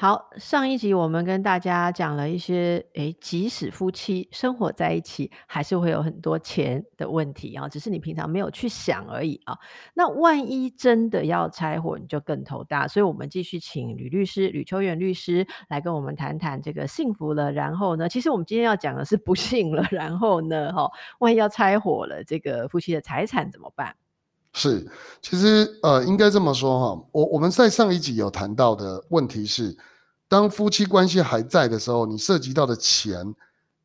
好，上一集我們跟大家講了一些誒，即使夫妻生活在一起，還是會有很多錢的問題啊、哦，只是你平常沒有去想而已啊、哦。那萬一真的要拆夥，你就更頭大。所以，我們繼續請呂律師、呂秋遠律師來跟我們談談這個幸福了。然後呢，其實我們今天要講的是不幸了。然後呢，哈、哦，萬一要拆夥了，這個夫妻的財產怎麼辦？是，其實呃，應該這麼說哈，我我們在上一集有談到的問題是，當夫妻關係還在的時候，你涉及到的錢，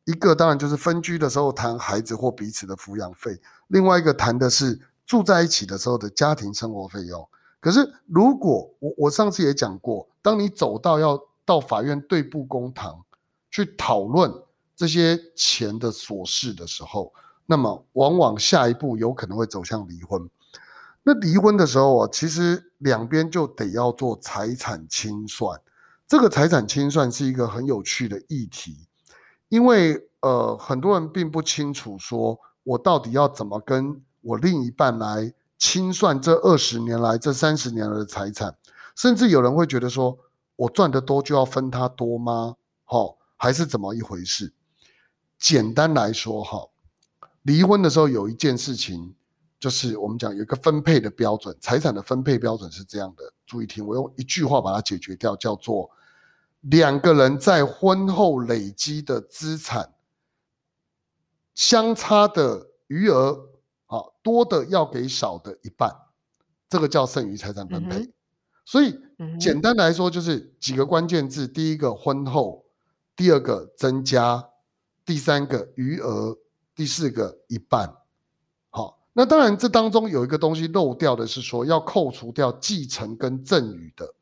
一個當然就是分居的時候談孩子或彼此的撫養費，另外一個談的是住在一起的時候的家庭生活費用。可是如果我我上次也講過，當你走到要到法院對簿公堂去討論這些錢的瑣事的時候，那麼往往下一步有可能會走向離婚。那離婚的時候啊，其實兩邊就得要做財產清算。這個財產清算是一個很有趣的議題，因為呃很多人並不清楚說我到底要怎麼跟我另一半來清算這二十年來、這三十年來的財產，甚至有人會覺得說我賺得多就要分他多嗎？齁，還是怎麼一回事？簡單來說，齁，離婚的時候有一件事情。就是我們講有一個分配的標準，財產的分配標準是這樣的，注意聽，我用一句話把它解決掉，叫做兩個人在婚後累積的資產相差的餘額，啊，多的要給少的一半，這個叫剩餘財產分配。嗯、哼所以簡單來說就是幾個關鍵字：第一個婚後，第二個增加，第三個餘額，第四個一半。那當然，這當中有一個東西漏掉的是說要扣除掉繼承跟贈與的，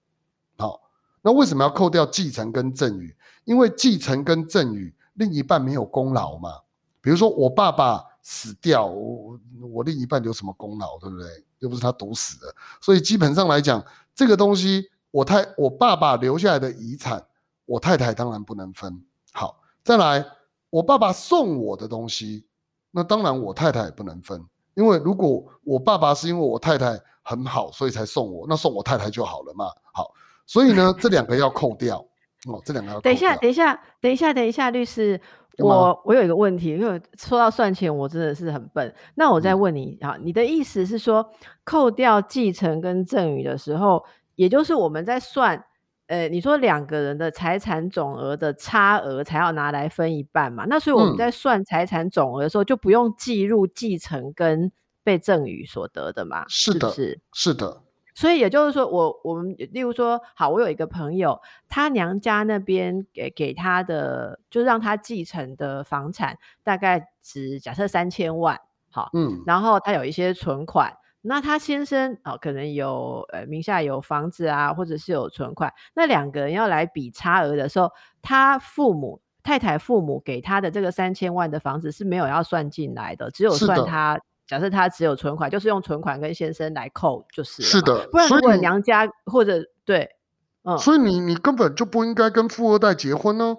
好，那為什麼要扣掉繼承跟贈與？因為繼承跟贈與另一半沒有功勞嘛。比如說我爸爸死掉，我我另一半有什麼功勞？對不對？又不是他毒死的，所以基本上來講，這個東西我太我爸爸留下來的遺產，我太太當然不能分。好，再來，我爸爸送我的東西，那當然我太太也不能分。因為如果我爸爸是因為我太太很好，所以才送我，那送我太太就好了嘛。好，所以呢， 這兩個要扣掉哦，這兩個要扣掉。等一下，等一下，等一下，等一下，律師，嗎我我有一個問題，因為說到算錢，我真的是很笨。那我再問你啊，嗯，你的意思是說，扣掉繼承跟贈與的時候，也就是我們在算。呃，你說兩個人的財產總額的差額才要拿來分一半嘛？那所以我們在算財產總額的時候，嗯，就不用計入繼承跟被贈與所得的嘛？是的，是，是，是的。所以也就是說我，我我們例如說，好，我有一個朋友，他娘家那邊給給他的，就讓他繼承的房產大概值假設三千萬，好，哦，嗯，然後他有一些存款。那他先生哦，可能有呃名下有房子啊，或者是有存款。那兩個人要來比差額的時候，他父母、太太父母給他的這個三千萬的房子是沒有要算進來的，只有算他。的假設他只有存款，就是用存款跟先生來扣，就是是的。不然，如果娘家或者，或者對，嗯，所以你你根本就不應該跟富二代結婚呢，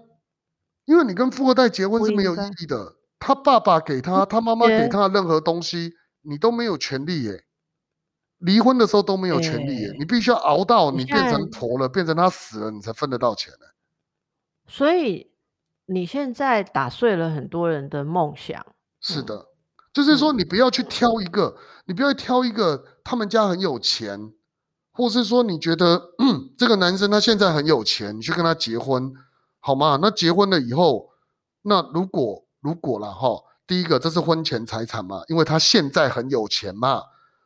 因為你跟富二代結婚是沒有意義的。他爸爸給他，他媽媽給他的任何東西，嗯、你都沒有權利耶。離婚的時候都沒有權利，欸、你必須要熬到你變成婆了，現在、變成他死了，你才分得到錢。所以，你現在打碎了很多人的夢想。嗯、是的，就是說你不要去挑一個，你不要挑一個他們家很有錢，或是說你覺得這個男生他現在很有錢，你去跟他結婚，好嗎？那結婚了以後，那如果如果啦齁，第一個這是婚前財產嘛，因為他現在很有錢嘛。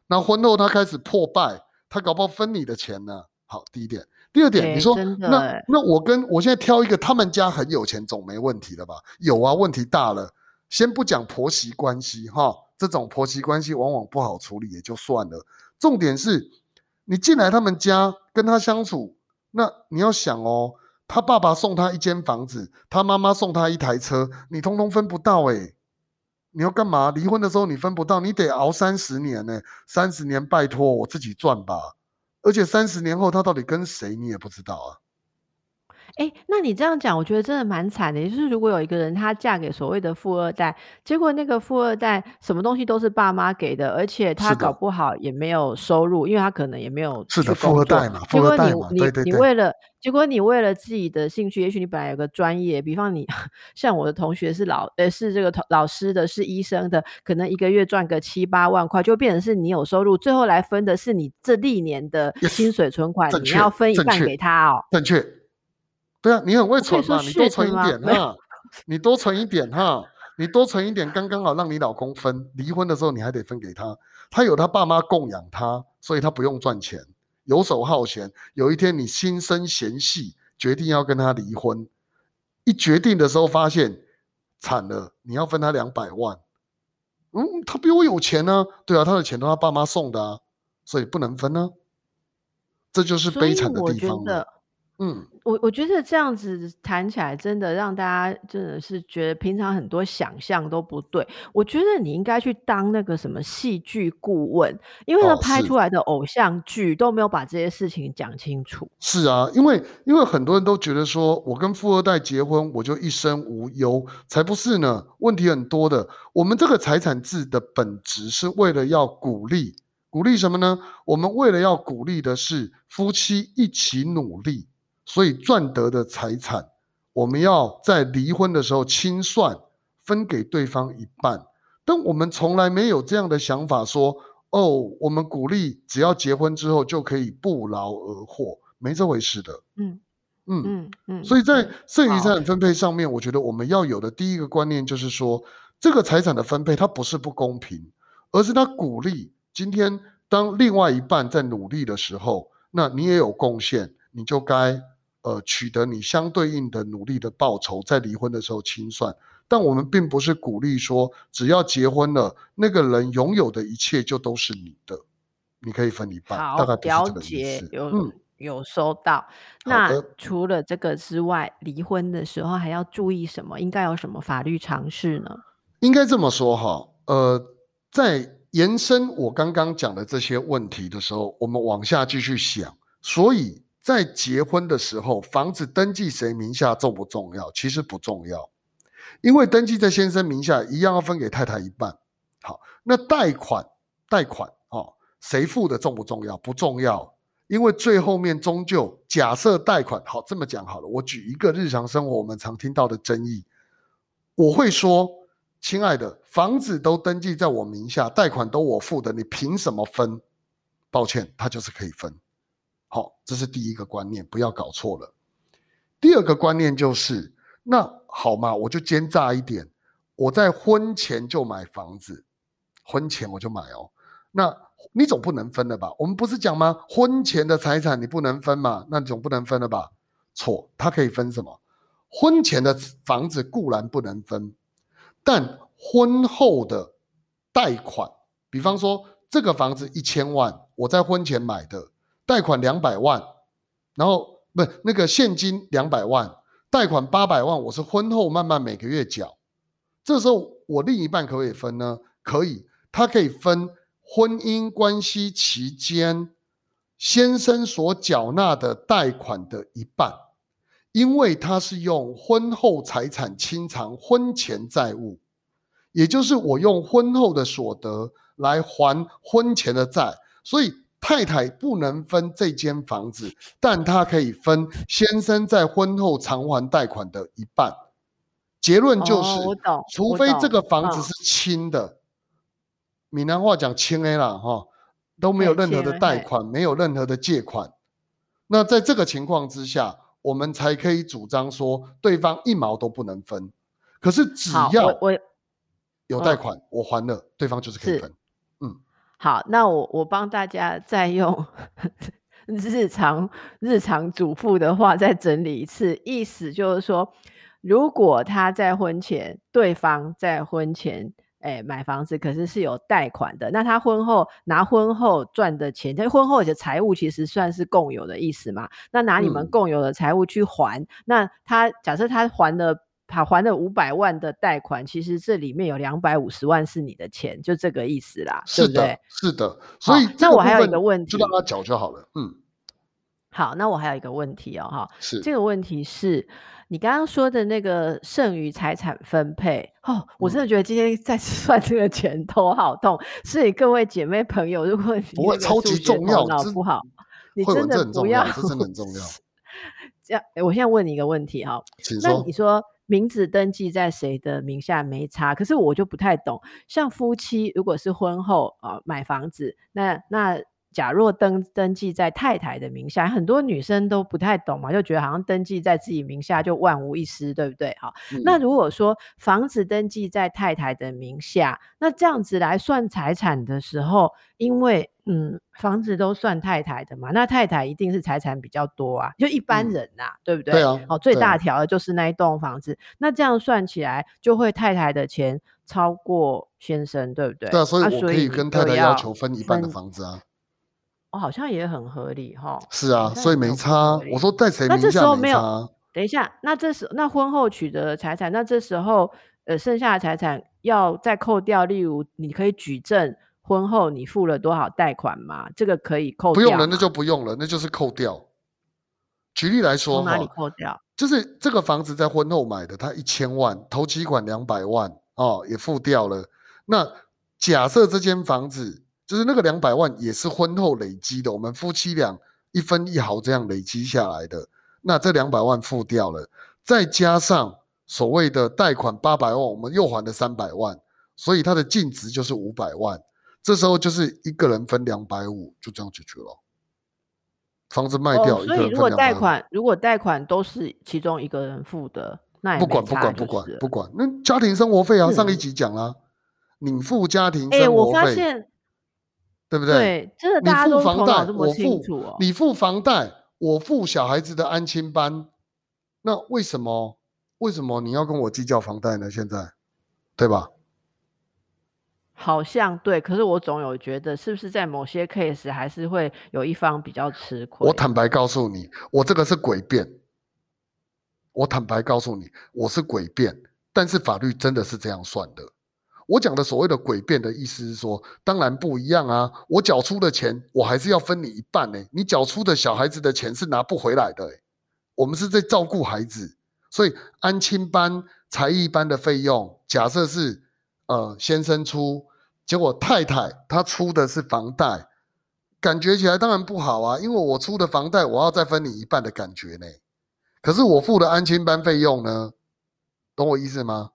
那婚後他開始破敗，他搞不好分你的錢呢？好，第一點，第二點，欸、你說的那那我跟我現在挑一個，他們家很有錢，總沒問題了吧？有啊，問題大了。先不講婆媳關係哈，這種婆媳關係往往不好處理也就算了。重點是，你進來他們家跟他相處，那你要想哦，他爸爸送他一間房子，他媽媽送他一台車，你通通分不到哎、欸。你要幹嘛？離婚的時候你分不到，你得熬三十年呢、欸。三十年，拜託我自己賺吧。而且三十年後他到底跟誰，你也不知道啊。哎，那你這樣講，我覺得真的蠻慘的。就是如果有一個人，他嫁給所謂的富二代，結果那個富二代什麼東西都是爸媽給的，而且他搞不好也沒有收入，是的，因為他可能也沒有是的，富二代嘛，富二代嘛，結果你對對對你，你為了結果你為了自己的興趣，也許你本來有個專業，比方你像我的同學是老，呃，是這個老師的，是醫生的，可能一個月賺個七八萬塊，就變成是你有收入，最後來分的是你這歷年的薪水存款，Yes, 你要分一半給他哦，正確。對啊，你很會存嘛，嗎你多存一點嘛，你多存一點哈，你多存一、一點，剛剛好讓你老公分。離婚的時候你還得分給他，他有他爸媽供養他，所以他不用賺錢，游手好閒。有一天你心生嫌隙，決定要跟他離婚，一決定的時候發現慘了，你要分他兩百萬。嗯，他比我有錢呢、啊。對啊，他的錢都他爸媽送的、啊，所以不能分呢、啊。這就是悲慘的地方。嗯，我我覺得這樣子談起來，真的讓大家真的是覺得平常很多想象都不對。我覺得你應該去當那個什麼戲劇顧問，因為他拍出來的偶像劇，哦，都沒有把這些事情講清楚。是啊，因為因為很多人都覺得說，我跟富二代結婚，我就一生無憂，才不是呢。問題很多的。我們這個財產制的本質是為了要鼓勵，鼓勵什麼呢？我們為了要鼓勵的是夫妻一起努力。所以賺得的財產，我們要在離婚的時候清算，分給對方一半。但我們從來沒有這樣的想法說，說哦，我們鼓勵只要結婚之後就可以不勞而獲，沒這回事的。嗯嗯嗯，所以，在剩餘財產分配上面，我覺得我們要有的第一個觀念就是說，這個財產的分配它不是不公平，而是它鼓勵今天當另外一半在努力的時候，那你也有貢獻，你就該。呃，取得你相對應的努力的報酬，在離婚的時候清算。但我們並不是鼓勵說，只要結婚了，那個人擁有的一切就都是你的，你可以分一半。好，大概了解，有有收到。嗯，呃，那除了這個之外，離婚的時候還要注意什麼？應該有什麼法律常識呢？應該這麼說哈，呃，在延伸我剛剛講的這些問題的時候，我們往下繼續想，所以。在結婚的時候，房子登記誰名下重不重要？其實不重要，因為登記在先生名下一樣要分給太太一半。好，那貸款貸款哦，誰付的重不重要？不重要，因為最後面終究假設貸款，好，這麼講好了。我舉一個日常生活我們常聽到的爭議，我會說：親愛的，房子都登記在我名下，貸款都我付的，你憑什麼分？抱歉，他就是可以分。好，這是第一個觀念，不要搞錯了。第二個觀念就是，那好嘛，我就奸詐一點，我在婚前就買房子，婚前我就買哦。那你總不能分了吧？我們不是講嗎？婚前的財產你不能分嘛，那你總不能分了吧？錯，它可以分什麼？婚前的房子固然不能分，但婚後的貸款，比方說這個房子一千萬，我在婚前買的。貸款兩百萬，然後不是，那個現金兩百萬，貸款八百萬，我是婚後慢慢每個月繳。這時候我另一半可不可以分呢？可以，他可以分婚姻關係期間先生所繳納的貸款的一半，因為他是用婚後財產清償婚前債務，也就是我用婚後的所得來還婚前的債，所以，太太不能分這間房子，但她可以分先生在婚後償還貸款的一半。結論就是，哦、除非這個房子是清的，閩南話講清 A 了哈，都沒有任何的貸款，沒有任何的借款。嘿那在這個情況之下，我們才可以主張說，對方一毛都不能分。可是只要我有貸款，我還了，對方就是可以分。好，那我我幫大家再用 日常日常主婦的話再整理一次，意思就是說，如果他在婚前，對方在婚前，哎、欸，買房子可是是有貸款的，那他婚後拿婚後賺的錢，他婚後的財務其實算是共有的意思嘛？那拿你們共有的財務去還，嗯、那他假設他還了。他還了五百萬的貸款，其實這裡面有兩百五十萬是你的錢，就這個意思啦，是的對不對？是的，所以好那我還有一個問題，就讓他繳就好了。嗯，好，那我還有一個問題哦，哈、哦，是這個問題是你剛剛說的那個剩餘財產分配哦，我真的覺得今天在算這個錢、嗯、頭好痛，所以各位姐妹朋友，如果你不不會超級重要，腦子不好，你真的不要，這真的很重要。這樣、 欸，我現在問你一個問題哈，哦、請說那你說。名字登記在誰的名下沒差，可是我就不太懂。像夫妻如果是婚後啊、呃、買房子，那那假若登登記在太太的名下，很多女生都不太懂嘛，就覺得好像登記在自己名下就萬無一失，對不對？好、嗯，那如果說房子登記在太太的名下，那這樣子來算財產的時候，因為。嗯，房子都算太太的嘛，那太太一定是財產比較多啊，就一般人吶、啊，嗯、對不對？嗯、對啊。好、哦，最大條的就是那一棟房子，啊、那這樣算起來就會太太的錢超過先生，對不對？對啊，所以我可以跟太太要求分一半的房子啊。我、啊哦、好像也很合理哈。哦、是啊，欸、所以沒差、啊。我說在誰名下沒差、啊、那這時候沒有。等一下，那這時那婚後取得的財產，那這時候呃剩下的財產要再扣掉，例如你可以舉證。婚後你付了多少貸款嗎？這個可以扣掉。不用了，那就不用了，那就是扣掉。舉例來說，哪裡扣掉、啊？就是這個房子在婚後買的，它一千萬，頭期款兩百萬哦，也付掉了。那假設這間房子就是那個兩百萬也是婚後累積的，我們夫妻倆一分一毫這樣累積下來的。那這兩百萬付掉了，再加上所謂的貸款八百萬，我們又還了三百萬，所以它的淨值就是五百萬。這時候就是一個人分兩百五，就這樣解決了。房子賣掉，一個人、哦、如果貸款，如果貸款都是其中一個人付的，那也不管不管不管不管。那家庭生活費啊，是上一集講了，嗯、你付家庭生活費，哎、欸，我發現，對不對？對，真的你付房貸，哦、我付，你付房貸，我付小孩子的安親班，那為什麼？為什麼你要跟我計較房貸呢？現在，對吧？好像對，可是我總有覺得，是不是在某些 case 還是會有一方比較吃虧？我坦白告訴你，我這個是詭辯。我坦白告訴你，我是詭辯，但是法律真的是這樣算的。我講的所謂的詭辯的意思是說，當然不一樣啊。我繳出的錢，我還是要分你一半呢。你繳出的小孩子的錢是拿不回來的。我們是在照顧孩子，所以安親班、才藝班的費用，假設是。呃，先生出，結果太太她出的是房貸，感覺起來當然不好啊，因為我出的房貸，我要再分你一半的感覺呢。可是我付的安親班費用呢？懂我意思嗎？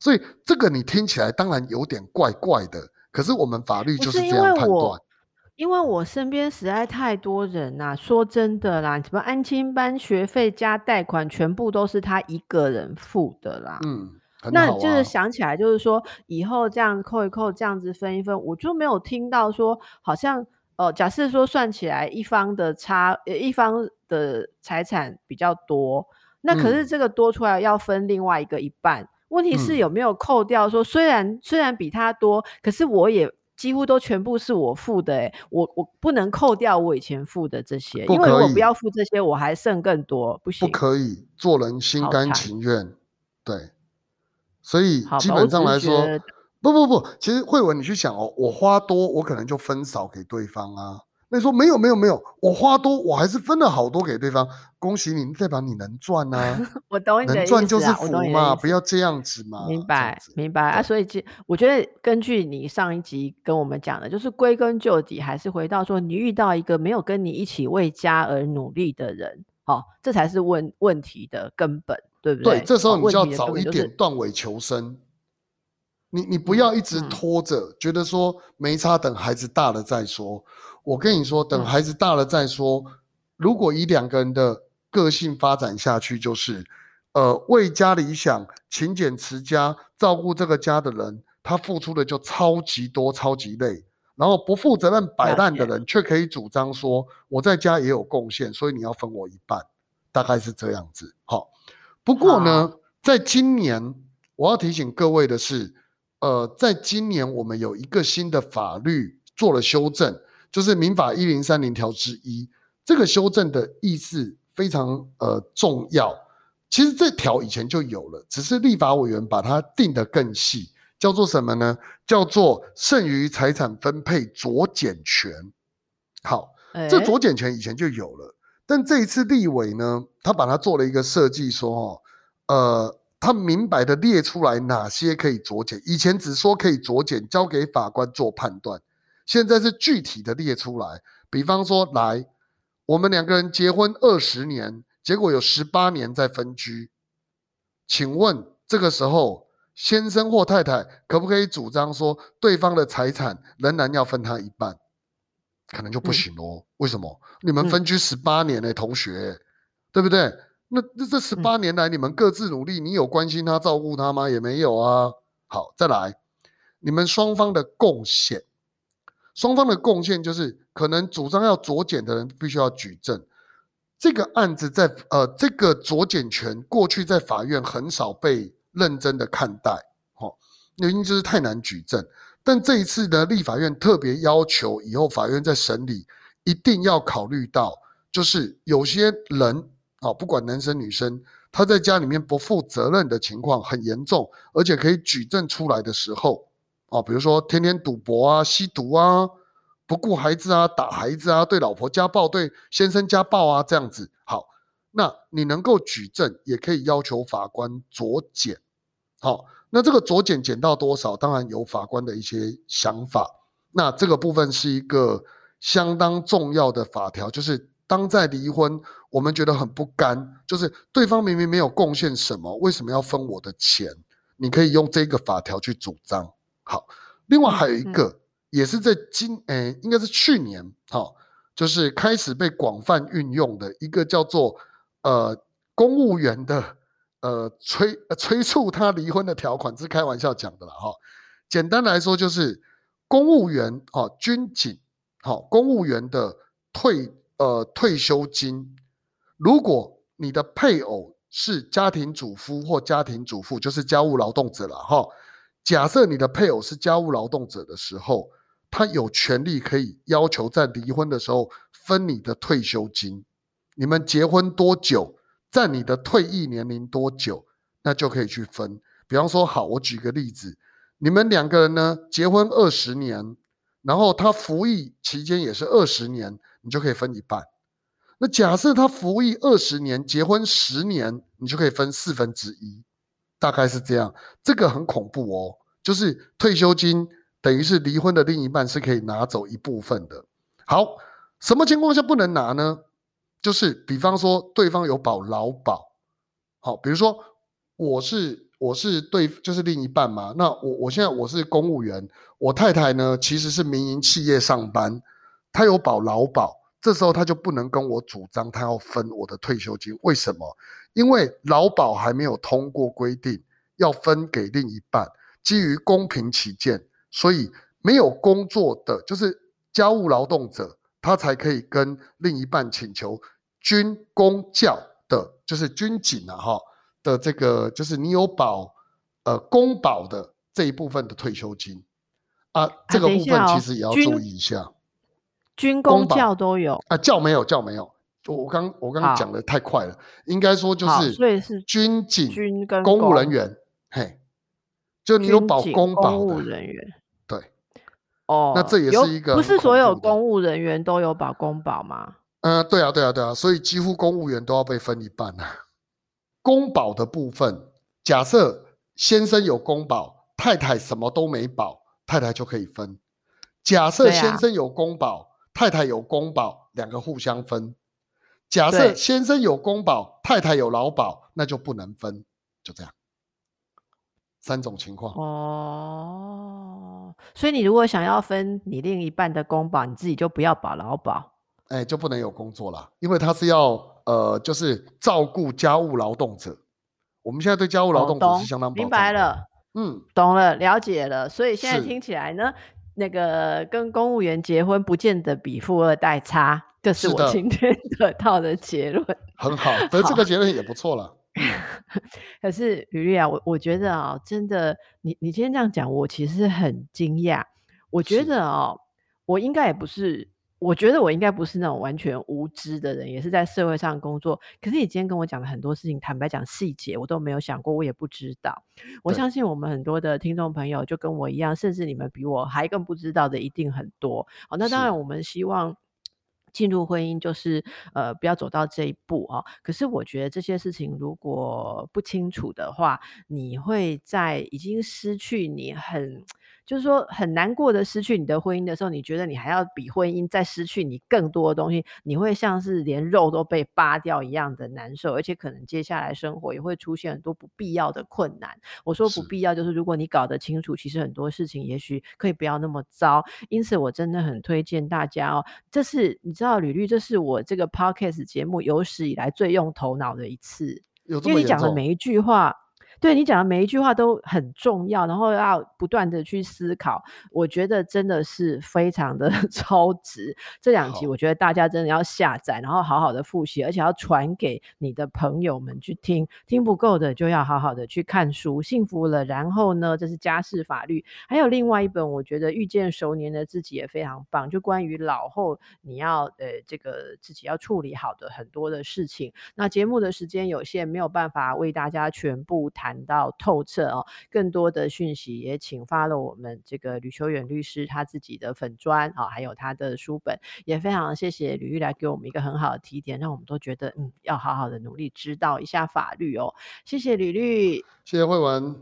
所以這個你聽起來當然有點怪怪的，可是我們法律就是這樣判斷。因為我，因為我身邊實在太多人啊。說真的啦，什麼安親班學費加貸款全部都是他一個人付的啦。嗯。那就是想起來，就是說、啊、以後這樣扣一扣，這樣子分一分，我就沒有聽到說好像呃，假設說算起來一方的差，一方的財產比較多，那可是這個多出來要分另外一個一半。嗯、問題是有沒有扣掉說？說、嗯、雖然雖然比他多，可是我也幾乎都全部是我付的、欸，我我不能扣掉我以前付的這些，因為如果我不要付這些，我還剩更多，不行。不可以做人心甘情願，好慘。對。所以基本上來說，不不不，其實慧文，你去想哦，我花多，我可能就分少給對方啊。那、就是、你說沒有沒有沒有，我花多，我還是分了好多給對方。恭喜你，代表你能賺啊。我懂你的意思，能賺就是福嘛，不要這樣子嘛。明白，明白啊。所以這，我覺得根據你上一集跟我們講的，就是歸根究底，還是回到說，你遇到一個沒有跟你一起為家而努力的人，好、哦，這才是問問題的根本。對，對，對，這時候你就要早一點斷尾求生，哦就是、你你不要一直拖着，嗯、覺得說沒差，等孩子大了再說。嗯、我跟你說，等孩子大了再說，嗯、如果以兩個人的個性發展下去，就是，呃，為家理想勤儉持家、照顧這個家的人，他付出的就超級多、超級累，然後不負責任、擺爛的人，卻可以主張說、嗯、我在家也有貢獻，所以你要分我一半，大概是這樣子。哈。不過呢，哈在今年我要提醒各位的是，呃，在今年我們有一個新的法律做了修正，就是民法一零三零條之一。這個修正的意思非常呃重要。其實這條以前就有了，只是立法委員把它定得更細，叫做什麼呢？叫做剩餘財產分配酌減權。好，欸、這酌減權以前就有了。但這一次立委呢，他把它做了一個設計，說哦，呃，他明白的列出來哪些可以酌減，以前只說可以酌減，交給法官做判斷，現在是具體的列出來。比方說，來，我們兩個人結婚二十年，結果有十八年在分居，請問這個時候，先生或太太可不可以主張說，對方的財產仍然要分他一半？可能就不行嘍？嗯、為什麼？你們分居十八年呢、欸？嗯、同學，對不對？那那這十八年來，你們各自努力，你有關心他、照顧他嗎？也沒有啊。好，再來，你們雙方的貢獻，雙方的貢獻就是，可能主張要酌減的人必須要舉證。這個案子在呃，這個酌減權過去在法院很少被認真的看待，好，原因為就是太難舉證。但這一次呢，立法院特別要求以後法院在審理，一定要考慮到，就是有些人啊、哦，不管男生女生，他在家裡面不負責任的情況很嚴重，而且可以舉證出來的時候啊、哦，比如說天天賭博啊、吸毒啊、不顧孩子啊、打孩子啊、對老婆家暴、對先生家暴啊，這樣子好，那你能夠舉證，也可以要求法官酌減，好、哦。那這個酌減減到多少，當然有法官的一些想法。那這個部分是一個相當重要的法條，就是當在離婚，我們覺得很不甘，就是對方明明沒有貢獻什麼，為什麼要分我的錢？你可以用這個法條去主張。好，另外還有一個，嗯、也是在今誒、欸，應該是去年，齁，就是開始被廣泛運用的一個叫做呃公務員的。呃催，呃催促他離婚的條款，這是開玩笑講的啦，哈、哦，簡單來說就是公務員哦軍警哈、哦、公務員的退呃退休金，如果你的配偶是家庭主夫或家庭主婦，就是家務勞動者了哈、哦。假設你的配偶是家務勞動者的時候，他有權利可以要求在離婚的時候分你的退休金。你們結婚多久？在你的退役年齡多久，那就可以去分。比方說，好，我舉個例子，你們兩個人呢結婚二十年，然後他服役期間也是二十年，你就可以分一半。那假設他服役二十年，結婚十年，你就可以分四分之一，大概是這樣。這個很恐怖哦，就是退休金等於是離婚的另一半是可以拿走一部分的。好，什麼情況下不能拿呢？就是比方說，對方有保勞保，好，比如說我是我是對，就是另一半嘛。那我我現在我是公務員，我太太呢其實是民營企業上班，她有保勞保，這時候她就不能跟我主張她要分我的退休金。為什麼？因為勞保還沒有通過規定要分給另一半，基於公平起見，所以沒有工作的就是家務勞動者，他才可以跟另一半請求。軍公教的，就是軍警啊，哈的這個就是你有保，呃，公保的這一部分的退休金啊，這個部分其實也要注意一下。啊，等一下哦、軍，軍公教都有啊，教沒有，教沒有。我剛我剛講的太快了，好應該說就是軍警、軍跟公公務人員，嘿，就你有保公保的公務人員，對，哦，那這也是一個，不是所有公務人員都有保公保嗎？嗯、呃，對啊，對啊，對啊，所以幾乎公務員都要被分一半吶、啊。公保的部分，假設先生有公保，太太什麼都沒保，太太就可以分。假設先生有公保，啊、太太有公保，兩個互相分。假設先生有公保，對太太有勞保，那就不能分。就這樣，三種情況。哦，所以你如果想要分你另一半的公保，你自己就不要保勞保。哎，就不能有工作了，因為他是要呃，就是照顧家務勞動者。我們現在對家務勞動者是相當、哦、明白了，嗯，懂了，了解了。所以現在聽起來呢，是那個跟公務員結婚不見得比富二代差，這、就是我今天得到的結論。很的 好，得這個結論也不錯啦。可是於麗啊，我我覺得啊、哦，真的，你你今天這樣講，我其實很驚訝。我覺得啊、哦，是我應該也不是。我覺得我應該不是那種完全無知的人，也是在社會上工作。可是你今天跟我講的很多事情，坦白講細節，我都沒有想過，我也不知道。我相信我們很多的聽眾朋友就跟我一樣，對甚至你們比我還更不知道的一定很多。好，那當然我們希望進入婚姻就是，是呃不要走到這一步啊、哦。可是我覺得這些事情如果不清楚的話，你會在已經失去你很。就是說很難過的失去你的婚姻的時候，你覺得你還要比婚姻再失去你更多的東西，你會像是連肉都被扒掉一樣的難受，而且可能接下來生活也會出現很多不必要的困難。我說不必要就是如果你搞得清楚，是其實很多事情也許可以不要那麼糟。因此我真的很推薦大家哦，這是，你知道，呂律，這是我這個 podcast 節目有史以來最用頭腦的一次，因為你講的每一句話。對，你講的每一句話都很重要，然後要不斷的去思考，我覺得真的是非常的超值。這兩集我覺得大家真的要下載，然後好好的複習，而且要傳給你的朋友們去聽。聽不夠的就要好好的去看書，《幸福了，》然後呢，這是家事法律，還有另外一本，我覺得遇見熟年的自己也非常棒，就關於老後你要呃這個自己要處理好的很多的事情。那節目的時間有限，沒有辦法為大家全部談。到透徹哦，更多的訊息也請 follow 我們這個呂秋遠律師他自己的粉專啊、哦，還有他的書本，也非常謝謝呂律來給我們一個很好的提點，讓我們都覺得嗯，要好好的努力知道一下法律哦。謝謝呂律，謝謝惠文。